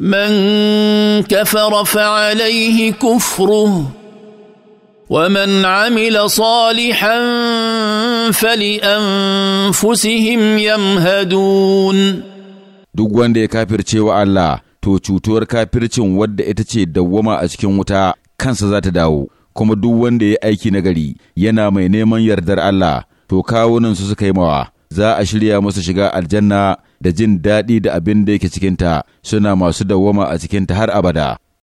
من كفر فعليه كفره ومن عمل صالحا فلانفسهم يمهدون duk wanda ya kafirce wa Allah to cutuwar kafircin wadda ita ce dawwama a cikin wuta kansa za ta dawo kuma duk wanda ya aiki nagari yana mai neman yardar Allah to kawunansu suka yi mawa za a shirya musu shiga aljanna da jin daɗi da abin da yake cikinta suna masu dawwama a cikinta har abada.